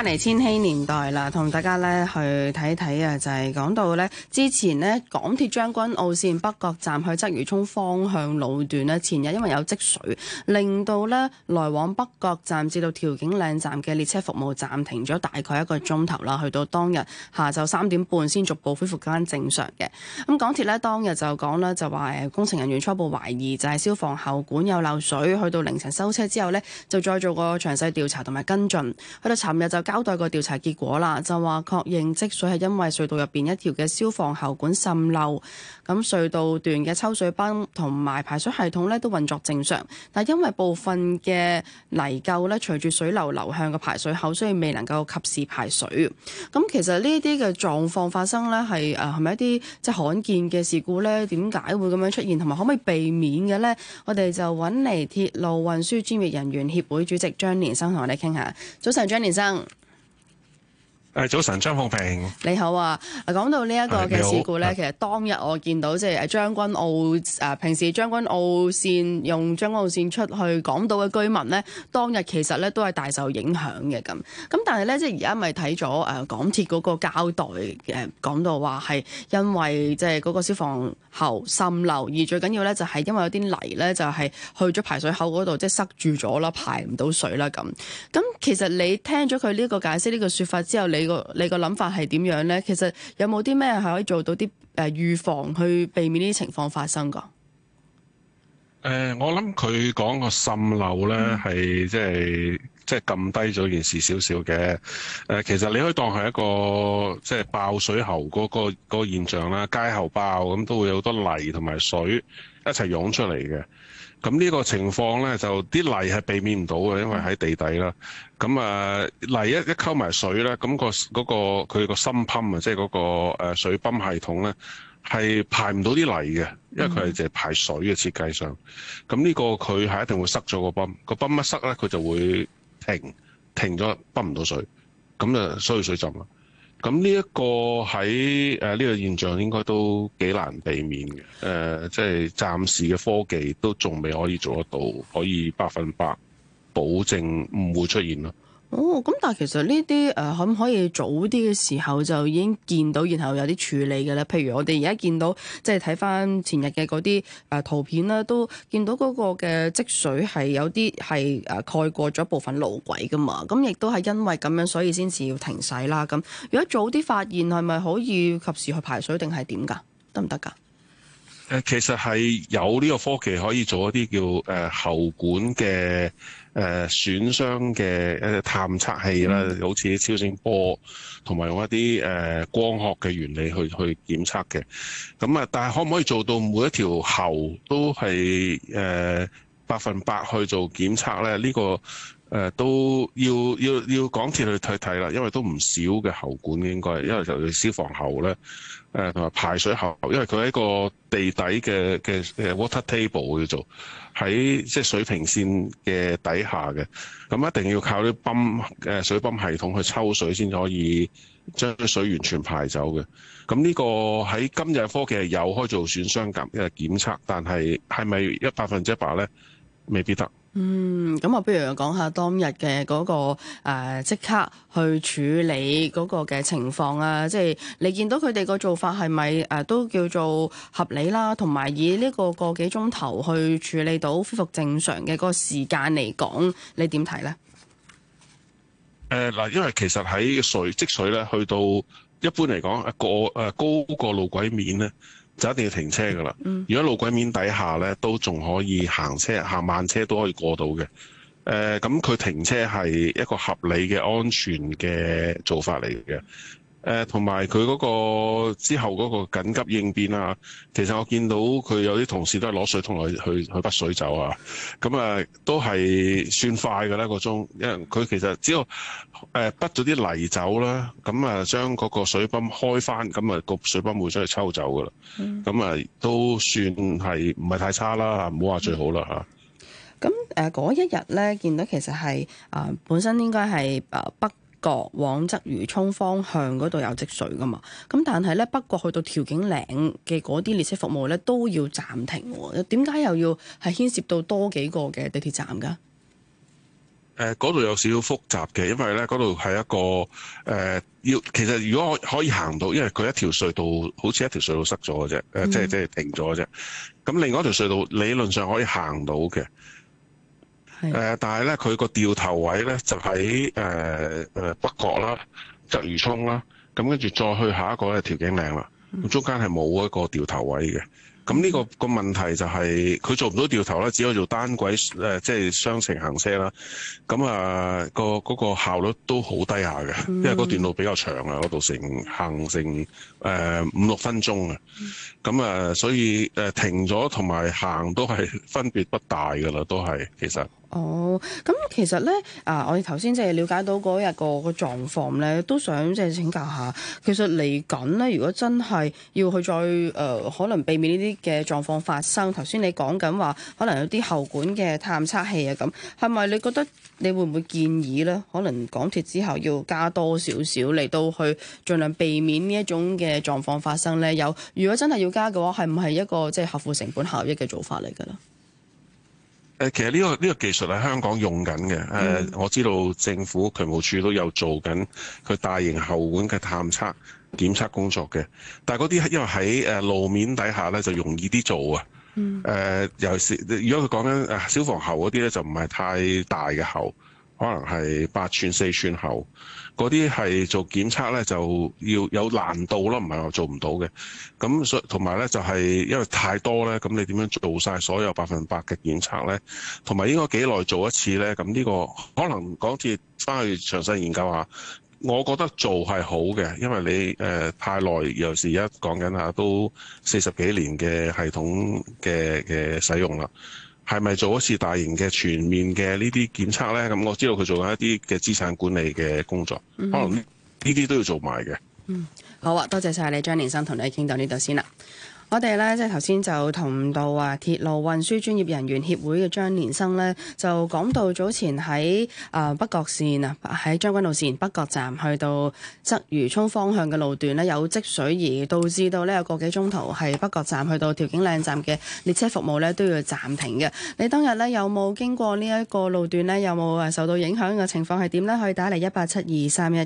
翻嚟千禧年代啦，同大家咧去睇睇啊！就係講到呢，之前呢港鐵將軍澳綫北角站去鰂魚涌方向路段呢，前日因為有積水，令到呢來往北角站至到調景嶺站嘅列車服務暫停咗大概一個鐘頭啦。去到當日下晝三點半先逐步恢復返正常嘅。咁港鐵呢當日就講啦，就話誒，工程人員初步懷疑就係消防喉管有漏水，去到凌晨收車之後呢，就再做個詳細調查同埋跟進，去到尋日就。交代個調查結果啦，就話確認積水係因為隧道入邊一條嘅消防喉管滲漏，咁隧道段嘅抽水泵同埋排水系統咧都運作正常，但因為部分嘅泥垢咧隨住水流流向嘅排水口，所以未能夠及時排水。咁其實呢啲嘅狀況發生咧係係咪一啲即係罕見嘅事故咧？點解會咁樣出現，同埋可唔可以避免嘅咧？我哋就揾嚟鐵路運輸專業人員協會主席張年生同我哋傾下。早晨，張年生。誒，早晨，張鳳平。你好啊！講到呢一個嘅事故咧，好其實當日我見到即係將軍澳誒，平時將軍澳線用將軍澳線出去港島嘅居民咧，當日其實咧都係大受影響嘅咁。咁但係咧，即係而家咪睇咗誒港鐵嗰個交代誒，講到話係因為即係嗰個消防喉滲漏，而最緊要咧就係因為有啲泥咧就係去咗排水口嗰度，即係塞住咗啦，排唔到水啦咁。咁其實你聽咗佢呢個解釋、呢個説法之後，你個你個諗法係點樣呢？其實有冇啲咩係可以做到啲，誒預防，去避免呢啲情況發生噶？誒、呃，我諗佢講個滲漏呢，係即係。是就是即係撳低咗件事少少嘅，誒、呃，其實你可以當係一個即係爆水喉嗰、那個嗰、那個、現象啦，街喉爆咁都會有好多泥同埋水一齊湧出嚟嘅。咁呢個情況咧，就啲泥係避免唔到嘅，因為喺地底啦。咁啊，泥一一溝埋水咧，咁、那個嗰佢、那個那個心泵啊，即係嗰個、呃、水泵系統咧，係排唔到啲泥嘅，因為佢係淨係排水嘅設計上。咁呢個佢係一定會塞咗個泵，個泵一塞咧，佢就會。停停咗，泵唔到水，咁啊，所以水浸啦。咁呢一個喺誒呢個現象應該都幾難避免嘅，誒即係暫時嘅科技都仲未可以做得到，可以百分百保證唔會出現咯。哦，咁但係其實呢啲誒可唔可以早啲嘅時候就已經見到，然後有啲處理嘅咧？譬如我哋而家見到，即係睇翻前日嘅嗰啲誒圖片啦，都見到嗰個嘅積水係有啲係誒蓋過咗部分路軌㗎嘛。咁、嗯、亦都係因為咁樣，所以先至要停駛啦。咁如果早啲發現，係咪可以及時去排水定係點㗎？得唔得㗎？行誒其實係有呢個科技可以做一啲叫誒喉管嘅誒損傷嘅一隻探測器啦，好似、嗯、超聲波同埋用一啲誒光學嘅原理去去檢測嘅。咁啊，但係可唔可以做到每一條喉都係誒百分百去做檢測咧？呢、呢個誒、呃、都要要要港鐵去睇睇啦，因為都唔少嘅喉管應該因為就消防喉咧，誒同埋排水喉，因為佢喺一個地底嘅嘅誒 water table 叫做，喺即係水平線嘅底下嘅，咁一定要靠啲泵誒水泵系統去抽水先可以將啲水完全排走嘅。咁呢個喺今日科技係有可以做損傷檢，因為檢測，但係係咪一百分之一百咧，未必得。嗯，咁啊，不如又講下當日嘅嗰、個即、呃、刻去處理嗰個嘅情況啊！即係你見到佢哋個做法係咪、呃、都叫做合理啦？同埋以呢個個幾鐘頭去處理到恢復正常嘅個個時間嚟講，你點睇咧？誒嗱、呃，因為其實喺水積水咧，去到一般嚟講，個誒、呃、高過路軌面咧。就一定要停車㗎啦。如果路軌面底下呢，都仲可以行車、行慢車都可以過到嘅。誒、呃，咁佢停車係一個合理嘅安全嘅做法嚟嘅。誒同埋佢嗰個之後嗰個緊急應變啊，其實我見到佢有啲同事都係攞水桶去去去撥水走啊，咁啊都係算快嘅呢、個鐘，因為佢其實只要誒撥咗啲泥走啦，咁啊將嗰個水泵開翻，咁啊個水泵會出去抽走噶啦，咁啊、嗯、都算係唔係太差啦，唔好話最好啦嚇。咁嗰一日咧見到其實係啊、呃、本身應該係啊北。角往鰂魚涌方向嗰度有積水㗎嘛？咁但係呢，北角去到調景嶺嘅嗰啲列車服務呢都要暫停喎。點解又要係牽涉到多幾個嘅地鐵，鐵站㗎？誒、呃，嗰度有少少複雜嘅，因為呢嗰度係一個誒，要、呃、其實如果可以行到，因為佢一條隧道好似一條隧道塞咗嘅啫，誒、嗯，即係即係停咗嘅啫。咁另外一條隧道理論上可以行到嘅。誒、呃，但係咧，佢個掉頭位咧就喺誒誒北角啦、鰂魚涌啦，咁、啊、跟住再去下一個咧，調景嶺啦，咁、啊、中間係冇一個掉頭位嘅。咁、啊、呢、這個個問題就係、是、佢做唔到掉頭啦，只可以做單軌、啊、即係雙程行車啦。咁啊，那個嗰、那個效率都好低下嘅，因為嗰段路比較長啊，嗰度成行成誒、呃、五六分鐘啊。咁啊，所以、呃、停咗同埋行都係分別不大㗎啦，都係其實。哦，咁、oh, 其實咧，啊，我哋頭先即係了解到嗰日個個狀況咧，都想即係請教下，其實嚟緊咧，如果真係要去再、呃、可能避免呢啲嘅狀況發生。頭先你講緊話，可能有啲喉管嘅探測器啊，咁係咪你覺得你會唔會建議咧？可能港鐵之後要加多少少嚟到去盡量避免呢一種嘅狀況發生咧？有，如果真係要加嘅話，係唔係一個即係、就是、合乎成本效益嘅做法嚟㗎啦？誒，其實呢、呢個呢、呢個技術係香港用緊嘅。誒、嗯呃，我知道政府渠務處都有做緊佢大型喉管嘅探測檢測工作嘅。但係嗰啲因為喺誒路面底下咧，就容易啲做啊。嗯。誒、呃，尤其是如果佢講緊誒消防喉嗰啲咧，就唔係太大嘅喉。可能係八寸、四寸厚，嗰啲係做檢測呢就要有難度啦，唔係話做唔到嘅。咁所同埋呢，就係、是、因為太多呢，咁你點樣做晒所有百分百嘅檢測呢？同埋應該幾耐做一次呢？咁呢、呢個可能講次返去詳細研究下。我覺得做係好嘅，因為你誒、呃、太耐，有時而家講緊下都四十幾年嘅系統嘅嘅使用啦。係咪做一次大型嘅全面嘅呢啲檢測咧？咁我知道佢做緊一啲嘅資產管理嘅工作，mm hmm. 可能呢啲都要做埋嘅。嗯、mm，hmm. 好啊，多謝晒你張年生，同你傾到呢度先啦。我哋呢，即係頭先就同到啊鐵路運輸專業人員協會嘅張年生呢，就講到早前喺啊、呃、北角線啊喺將軍澳綫北角站去到鰂魚涌方向嘅路段呢有積水而導致到呢有個幾鐘頭係北角站去到調景嶺站嘅列車服務呢都要暫停嘅。你當日呢有冇經過呢一個路段呢有冇啊受到影響嘅情況係點呢可以打嚟一八七二三一。